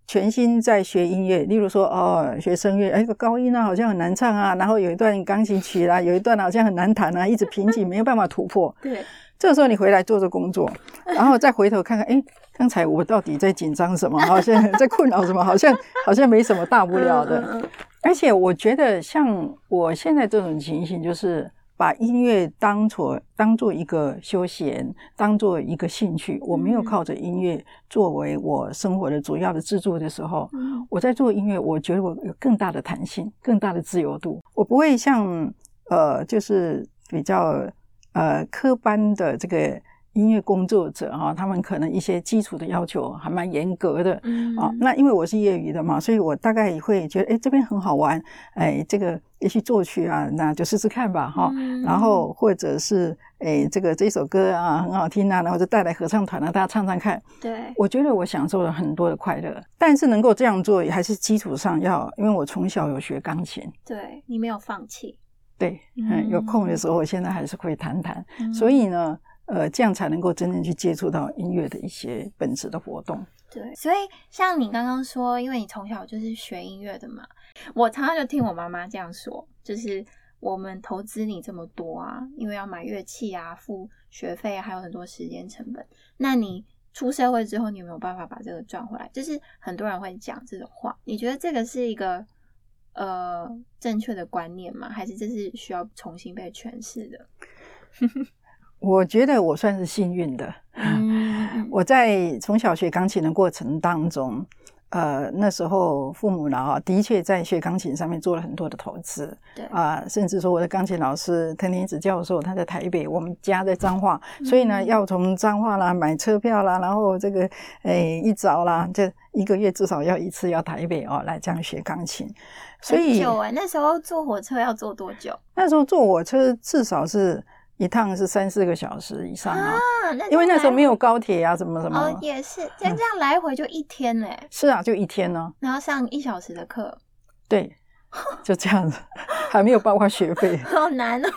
全心在學音樂，例如說哦學聲樂，哎、欸、個高音啊好像很難唱啊，然後有一段鋼琴曲啦、啊， 有一段好像很難彈啊，一直瓶頸 沒有辦法突破。對。這個、時候你回來做做工作，然後再回頭看看，哎、欸，剛才我到底在緊張什麼？好像在困擾什麼？ 好像好像沒什麼大不了的。Mm -hmm. 而且我覺得像我現在這種情形就是。把音樂當做當做一個休閒，當做一個興趣。我沒有靠着音樂作為我生活的主要的支柱的時候，我在做音樂，我覺得我有更大的彈性，更大的自由度。我不會像呃，就是比較呃科班的這個。音樂工作者哈，他們可能一些基礎的要求還蠻嚴格的，嗯啊，那因為我是業餘的嘛，所以我大概也會覺得，誒、欸、這邊很好玩，誒、欸、這個一起作曲啊，那就試試看吧，哈、嗯，然後或者是，誒、欸、這個這首歌啊很好聽啊，然後就帶來合唱團啊大家唱唱看。對，我覺得我享受了很多的快樂，但是能夠這樣做，還是基礎上要，因為我從小有學鋼琴，對，你沒有放棄，對嗯，嗯，有空的時候，我現在還是會彈彈、嗯，所以呢。呃，這樣才能夠真正去接觸到音樂的一些本質的活動。對，所以像你剛剛說，因為你從小就是學音樂的嘛，我常常就聽我媽媽這樣說，就是我們投資你這麼多啊，因為要買樂器啊、付學費啊，還有很多時間成本。那你出社會之後，你有沒有辦法把這個賺回來？就是很多人會講這種話，你覺得這個是一個呃正確的觀念嗎？還是這是需要重新被詮釋的？ 我覺得我算是幸運的，嗯。我在從小學鋼琴的過程當中，呃，那時候父母呢啊，的確在學鋼琴上面做了很多的投資。對啊，呃，甚至說我的鋼琴老師藤田梓教授，他在台北，我們家在彰化，嗯，所以呢，要從彰化啦買車票啦，然後這個哎一早啦，這一個月至少要一次要台北哦來這樣學鋼琴。所以很久啊，欸，那時候坐火車要坐多久？那時候坐火車至少是。一趟是三四個小時以上啊，因為那時候沒有高鐵啊，什麼什麼哦，也是，這樣這樣來回就一天呢。是啊，就一天呢，然後上一小時的課，對，就這樣子，還沒有包括學費，好難哦，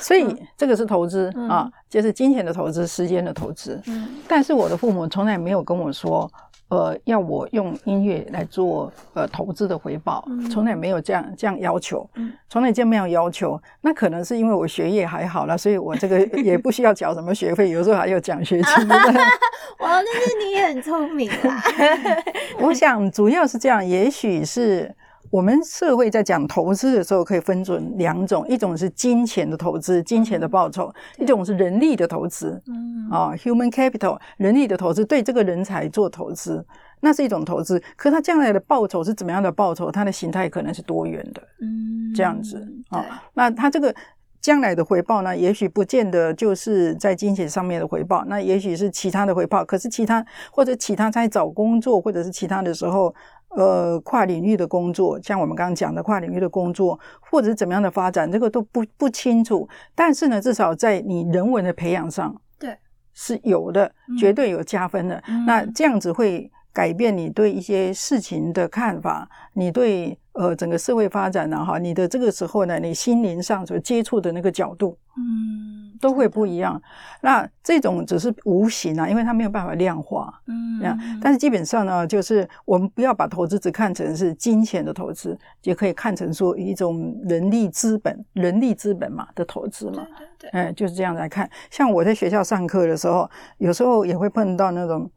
所以這個是投資啊，就是金錢的投資，時間的投資，但是我的父母從來沒有跟我說。呃，要我用音樂來做呃投資的回報，從、嗯、來沒有這樣這樣要求，從、嗯、來就沒有要求。那可能是因為我學業還好了，所以我這個也不需要繳什麼學費， 有時候還有獎學金。哇 那， 那是你也很聰明啊！ 我想主要是這樣，也許是。我們社會在講投資的時候，可以分準兩種：一種是金錢的投資，金錢的報酬；嗯、一種是人力的投資，嗯啊、哦，human capital 人力的投資，對這個人才做投資，那是一種投資。可是他將來的報酬是怎麼樣的報酬？它的形態可能是多元的，嗯，這樣子啊、哦。那他這個將來的回報呢，也許不見得就是在金錢上面的回報，那也許是其他的回報。可是其他或者其他在找工作，或者是其他的時候。呃，跨領域的工作，像我們剛剛講的跨領域的工作，或者怎麼樣的發展，這個都不不清楚。但是呢，至少在你人文的培養上，對，是有的，絕對有加分的、嗯。那這樣子會改變你對一些事情的看法，你對。呃，整個社會發展呢，哈，你的這個時候呢，你心靈上所接觸的那個角度，嗯，都會不一樣。那這種只是無形啊，因為它沒有辦法量化，嗯，但是基本上呢，就是我們不要把投資只看成是金錢的投資，也可以看成說一種人力資本、人力資本嘛的投資嘛，對對對，哎、嗯，就是這樣來看。像我在學校上課的時候，有時候也會碰到那種。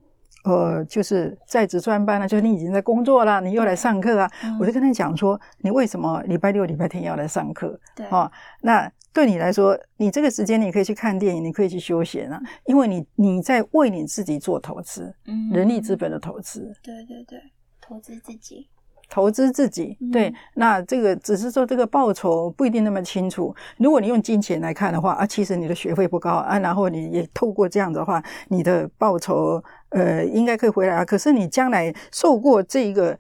呃，就是在職專班呢、啊，就是你已經在工作了，你又來上課啊、嗯？我就跟他講說，你為什麼禮拜六、禮拜天要來上課？對啊、哦，那對你來說，你這個時間你可以去看電影，你可以去休閒啊，因為你你在為你自己做投資、嗯，人力資本的投資。對對對，投資自己。投資自己，對，那這個只是說這個報酬不一定那麼清楚。如果你用金錢來看的話，啊，其實你的學費不高啊，然後你也透過這樣子的話，你的報酬呃應該可以回來啊。可是你將來受過這個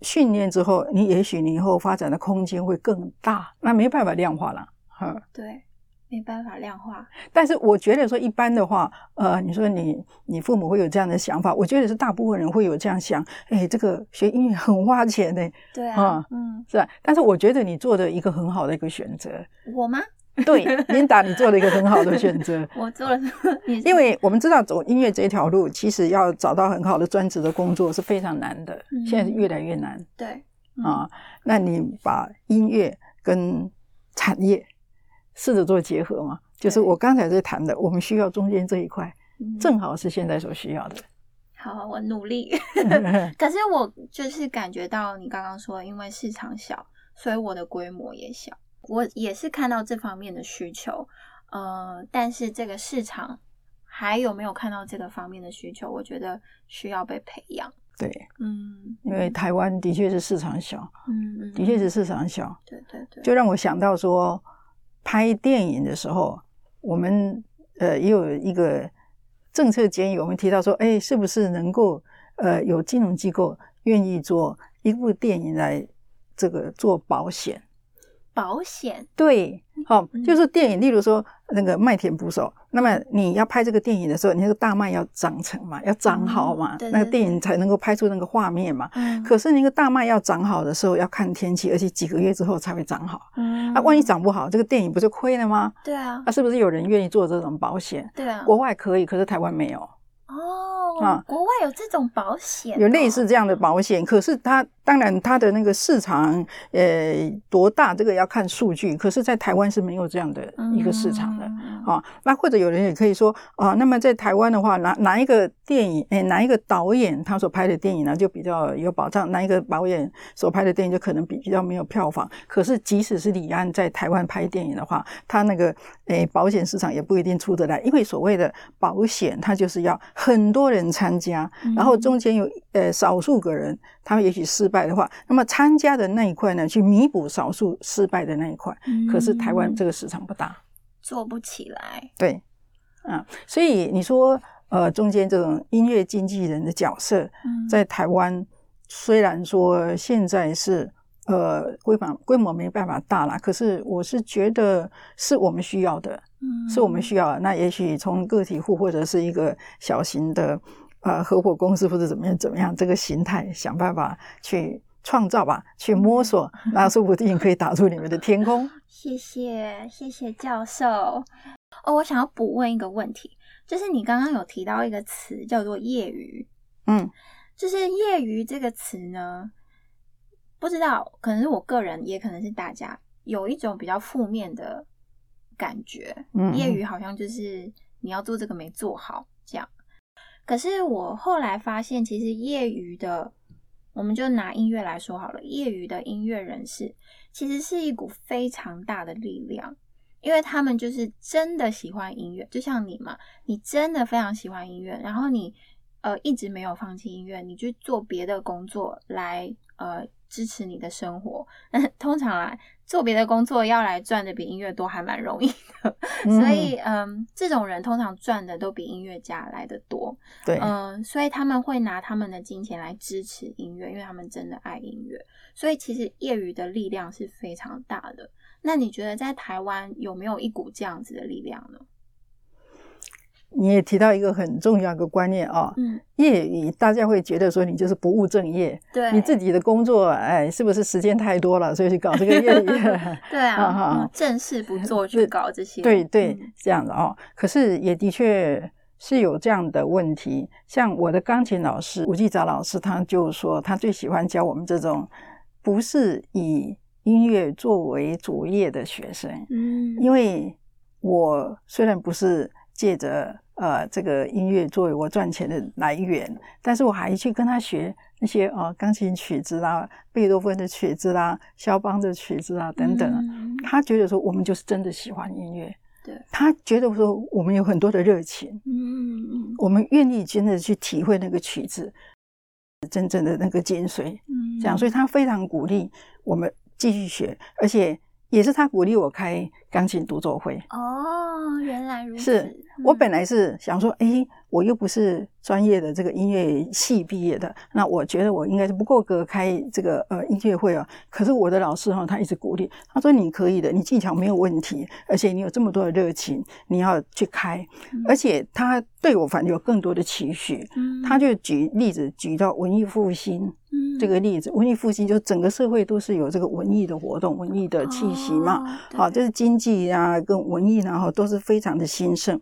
訓練之後，你也許你以後發展的空間會更大，那沒辦法量化了，哈。對。沒辦法量化，但是我覺得說一般的話，呃，你說你你父母會有這樣的想法，我覺得是大部分人會有這樣想，哎，這個學音樂很花錢呢。欸，對啊，啊，嗯，是吧？但是我覺得你做的一個很好的一個選擇。我嗎？對，琳 達，你做了一個很好的選擇。 我做了什麼， 因為，我們知道走音樂這條路，其實要找到很好的專職的工作是非常難的，嗯，現在越來越難，對，嗯，啊，那你把音樂跟產業。試着做結合嘛，就是我剛才在談的，我們需要中間這一塊、嗯，正好是現在所需要的。好，我努力。 可是我就是感覺到，你剛剛說，因為市場小，所以我的規模也小。我也是看到這方面的需求，呃，但是這個市場還有沒有看到這個方面的需求？我覺得需要被培養。對，嗯，因為台灣的確是市場小，嗯，的確是市場小。嗯、對對對，就讓我想到說。拍電影的時候，我們呃也有一個政策建議，我們提到說，哎、欸，是不是能夠呃有金融機構願意做一部電影來這個做保險。保險對，好、哦嗯，就是電影，例如說那個麥田捕手，那麼你要拍這個電影的時候，你那個大麥要長成嘛，要長好嘛、嗯對對對，那個電影才能夠拍出那個畫面嘛。嗯、可是那個大麥要長好的時候要看天氣，而且幾個月之後才會長好。嗯，啊，萬一長不好，這個電影不就虧了嗎？對啊，那、啊、是不是有人願意做這種保險？對啊，國外可以，可是台灣沒有。哦。啊，國外有這種保險，有類似這樣的保險、嗯，可是它當然它的那個市場，呃、欸，多大這個要看數據。可是，在台灣是沒有這樣的一個市場的。好、嗯啊，那或者有人也可以說啊，那麼在台灣的話，哪哪一個電影，哎、欸，哪一個導演他所拍的電影呢，就比較有保障？哪一個導演所拍的電影就可能比，比較沒有票房？可是，即使是李安在台灣拍電影的話，他那個哎、欸、保險市場也不一定出得來，因為所謂的保險，它就是要很多人。參加，然後中間有呃少數個人，他們也許失敗的話，那麼參加的那一塊呢，去彌補少數失敗的那一塊。嗯、可是台灣這個市場不大，做不起來。對，啊，所以你說呃，中間這種音樂經紀人的角色，嗯、在台灣雖然說現在是呃規模規模沒辦法大了，可是我是覺得是我們需要的。嗯，是我們需要的。那也許從個體戶或者是一個小型的，呃，合夥公司或者怎麼樣怎麼樣這個形態，想辦法去創造吧，去摸索，那說不定可以打出你們的天空。 謝謝，謝謝教授。哦，我想要補問一個問題，就是你剛剛有提到一個詞叫做業餘，嗯，就是業餘這個詞呢，不知道可能是我個人，也可能是大家有一種比較負面的。感覺嗯，嗯，業餘好像就是你要做這個沒做好這樣，可是我後來發現，其實業餘的，我們就拿音樂來說好了，業餘的音樂人士其實是一股非常大的力量，因為他們就是真的喜歡音樂，就像你嘛，你真的非常喜歡音樂，然後你呃一直沒有放棄音樂，你去做別的工作來呃。支持你的生活，通常、啊、做別的工作要來賺的比音樂多，還蠻容易的。嗯、所以，嗯，這種人通常賺的都比音樂家來的多。對，嗯，所以他們會拿他們的金錢來支持音樂，因為他們真的愛音樂。所以，其實業餘的力量是非常大的。那你覺得在台灣有沒有一股這樣子的力量呢？你也提到一個很重要的觀念啊、哦，嗯，業餘大家會覺得說，你就是不務正業，對你自己的工作，哎，是不是時間太多了，所以去搞這個業餘？ 對啊，嗯、正事不做去搞這些，嗯、對對、對、嗯，這樣子哦。可是也的確是有這樣的問題，像我的鋼琴老師吳繼藻老師，他就說他最喜歡教我們這種不是以音樂作為主業的學生，嗯，因為我雖然不是。借着呃這個音樂作為我賺錢的來源，但是我還去跟他學那些哦、呃、鋼琴曲子啦、貝多芬的曲子啦、肖邦的曲子啊等等、嗯。他覺得說我們就是真的喜歡音樂，對，他覺得說我們有很多的熱情，嗯，我們願意真的去體會那個曲子真正的那個精髓。嗯，這樣、嗯，所以他非常鼓勵我們繼續學，而且也是他鼓勵我開。鋼琴獨奏會哦，原來如此。嗯、是我本來是想說，哎，我又不是專業的這個音樂系畢業的，那我覺得我應該是不夠格開這個呃音樂會啊、哦。可是我的老師哈、哦，他一直鼓勵，他說你可以的，你技巧沒有問題，而且你有這麼多的熱情，你要去開。嗯、而且他對我反正有更多的期許，嗯、他就舉例子舉到文藝復興、嗯、這個例子，文藝復興就整個社會都是有這個文藝的活動、文藝的氣息嘛。好、哦、就、啊、是今。技啊，跟文藝然後都是非常的興盛，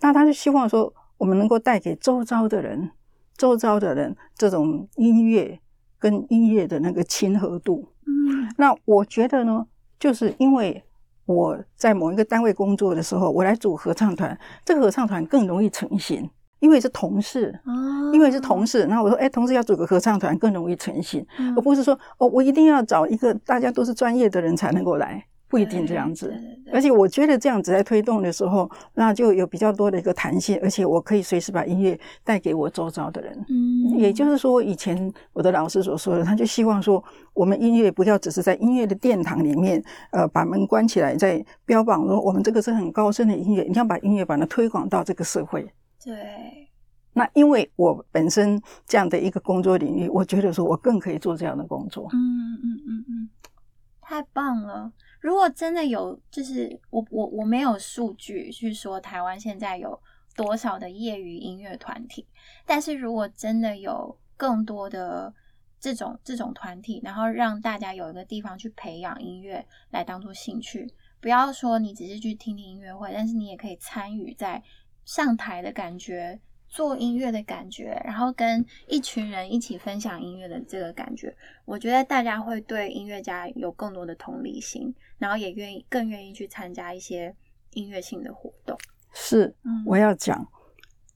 那他就希望說我們能夠帶給周遭的人，周遭的人這種音樂跟音樂的那個親和度。嗯。那我覺得呢，就是因為我在某一個單位工作的時候，我來組合唱團，這個合唱團更容易成型，因為是同事啊。哦。因為是同事。然後我說，哎，同事要組個合唱團更容易成型，嗯。而不是說哦，我一定要找一個大家都是專業的人才能夠來。對對對，不一定這樣子，而且我覺得這樣子在推動的時候，那就有比較多的一個彈性，而且我可以隨時把音樂帶給我周遭的人。嗯，也就是說，以前我的老師所說的，他就希望說，我們音樂不要只是在音樂的殿堂裡面，呃，把門關起來，在標榜說我們這個是很高深的音樂，你要把音樂把它推廣到這個社會。對，那因為我本身這樣的一個工作領域，我覺得說我更可以做這樣的工作。嗯嗯嗯嗯，太棒了。如果真的有，就是我我我沒有數據去說台灣現在有多少的業餘音樂團體。但是如果真的有更多的這種這種團體，然後讓大家有一個地方去培養音樂來當做興趣，不要說你只是去聽聽音樂會，但是你也可以參與在上台的感覺。做音樂的感覺，然後跟一群人一起分享音樂的這個感覺，我覺得大家會對音樂家有更多的同理心，然後也願意更願意去參加一些音樂性的活動。是、嗯，我要講，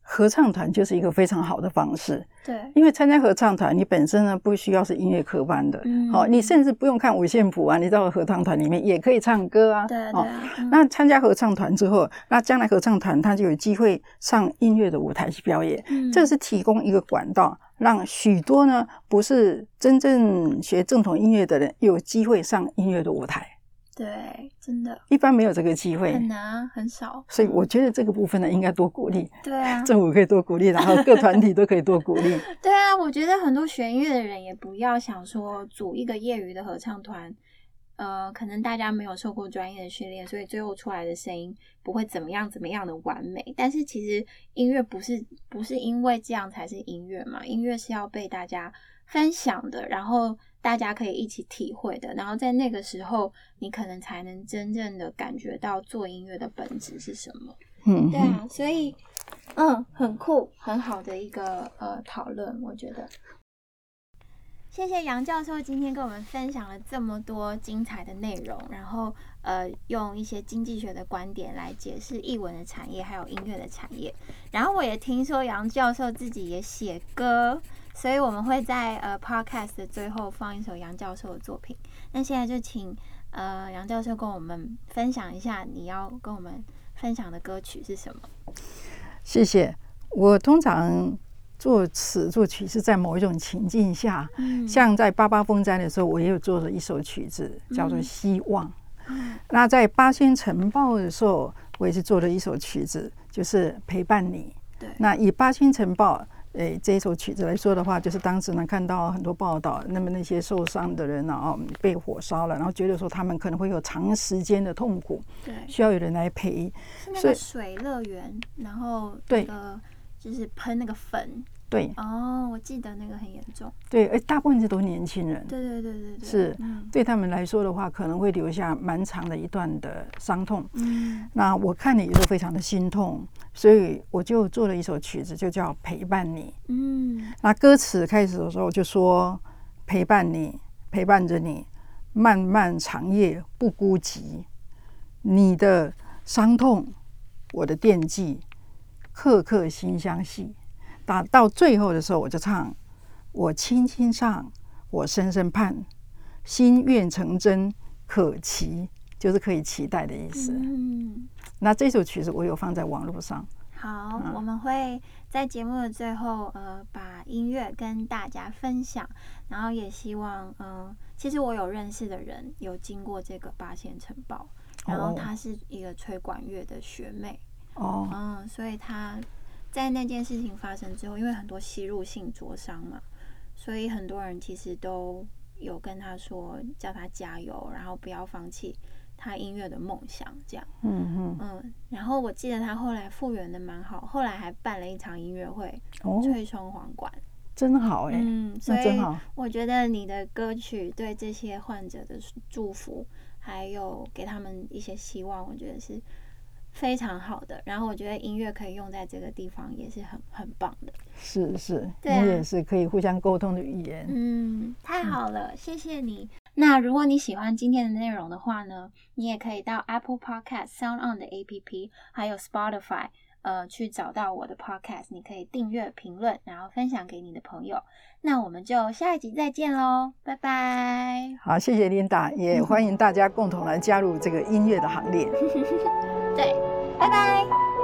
合唱團就是一個非常好的方式。對，因為參加合唱團，你本身呢，不需要是音樂科班的。好、嗯哦，你甚至不用看五線譜啊，你到了合唱團裡面也可以唱歌啊。對對、哦嗯。那參加合唱團之後，那將來合唱團他就有機會上音樂的舞台去表演，嗯，這是提供一個管道，讓許多呢，不是真正學正統音樂的人有機會上音樂的舞台。對，真的，一般沒有這個機會，很難，啊，很少。所以我覺得這個部分呢，應該多鼓勵。對啊，政府可以多鼓勵，然後各團體都可以多鼓勵。 對啊，我覺得很多學音樂的人也不要想說組一個業餘的合唱團，呃，可能大家沒有受過專業的訓練，所以最後出來的聲音不會怎麼樣怎麼樣的完美。但是其實音樂不是不是因為這樣才是音樂嘛？音樂是要被大家分享的，然後。大家可以一起體會的，然後在那個時候，你可能才能真正的感覺到做音樂的本質是什麼。嗯，對啊，所以，嗯，很酷，很好的一個呃討論，我覺得。謝謝楊教授今天跟我們分享了這麼多精彩的內容，然後呃，用一些經濟學的觀點來解釋藝文的產業還有音樂的產業。然後我也聽說楊教授自己也寫歌。所以，我們會在呃、uh, podcast 的最後放一首楊教授的作品。那現在就請呃楊、uh, 教授跟我們分享一下，你要跟我們分享的歌曲是什麼？謝謝。我通常作詞作曲是在某一種情境下，嗯、像在八八風災的時候，我也有做了一首曲子，叫做《希望》。嗯、那在八仙塵爆的時候，我也是做了一首曲子，就是《陪伴你》。對。那以八仙塵爆。誒，這首曲子來說的話，就是當時呢，看到很多報道，那麼那些受傷的人啊，然後被火燒了，然後覺得說他們可能會有長時間的痛苦，對，需要有人來陪。是那個水樂園，然後對，就是噴那個粉。對哦，oh, 我記得那個很嚴重。對，而大部分是都是年輕人。對對對對對，是、嗯、對他們來說的話，可能會留下蠻長的一段的傷痛。嗯，那我看你也是非常的心痛，所以我就做了一首曲子，就叫《陪伴你》。嗯，那歌詞開始的時候就說：“陪伴你，陪伴着你，漫漫長夜不孤寂。你的傷痛，我的惦記，刻刻心相繫。”打到最後的時候，我就唱：“我輕輕唱，我深深盼，心願成真可期，就是可以期待的意思。”嗯，那這首曲子我有放在網絡上。好，嗯、我們會在節目的最後，呃，把音樂跟大家分享，然後也希望，嗯、呃，其實我有認識的人有經過這個八仙塵爆，然後他是一個吹管樂的學妹哦，嗯、呃，所以他。在那件事情發生之後，因為很多吸入性灼傷嘛，所以很多人其實都有跟他說，叫他加油，然後不要放棄他音樂的夢想，這樣。嗯嗯嗯。然後我記得他後來復原的蠻好，後來還辦了一場音樂會，哦、吹雙簧管，真好哎、欸。嗯，所以我覺得你的歌曲對這些患者的祝福，還有給他們一些希望，我覺得是。非常好的，然後我覺得音樂可以用在這個地方，也是很很棒的。是是、啊，你也是可以互相溝通的語言。嗯，太好了、嗯，謝謝你。那如果你喜歡今天的內容的話呢，你也可以到 Apple Podcast、Sound On 的 APP，還有 Spotify。呃，去找到我的 podcast，你可以訂閱、評論，然後分享給你的朋友。那我們就下一集再見嘍，拜拜！好，謝謝 Linda，也歡迎大家共同來加入這個音樂的行列。 對，拜拜。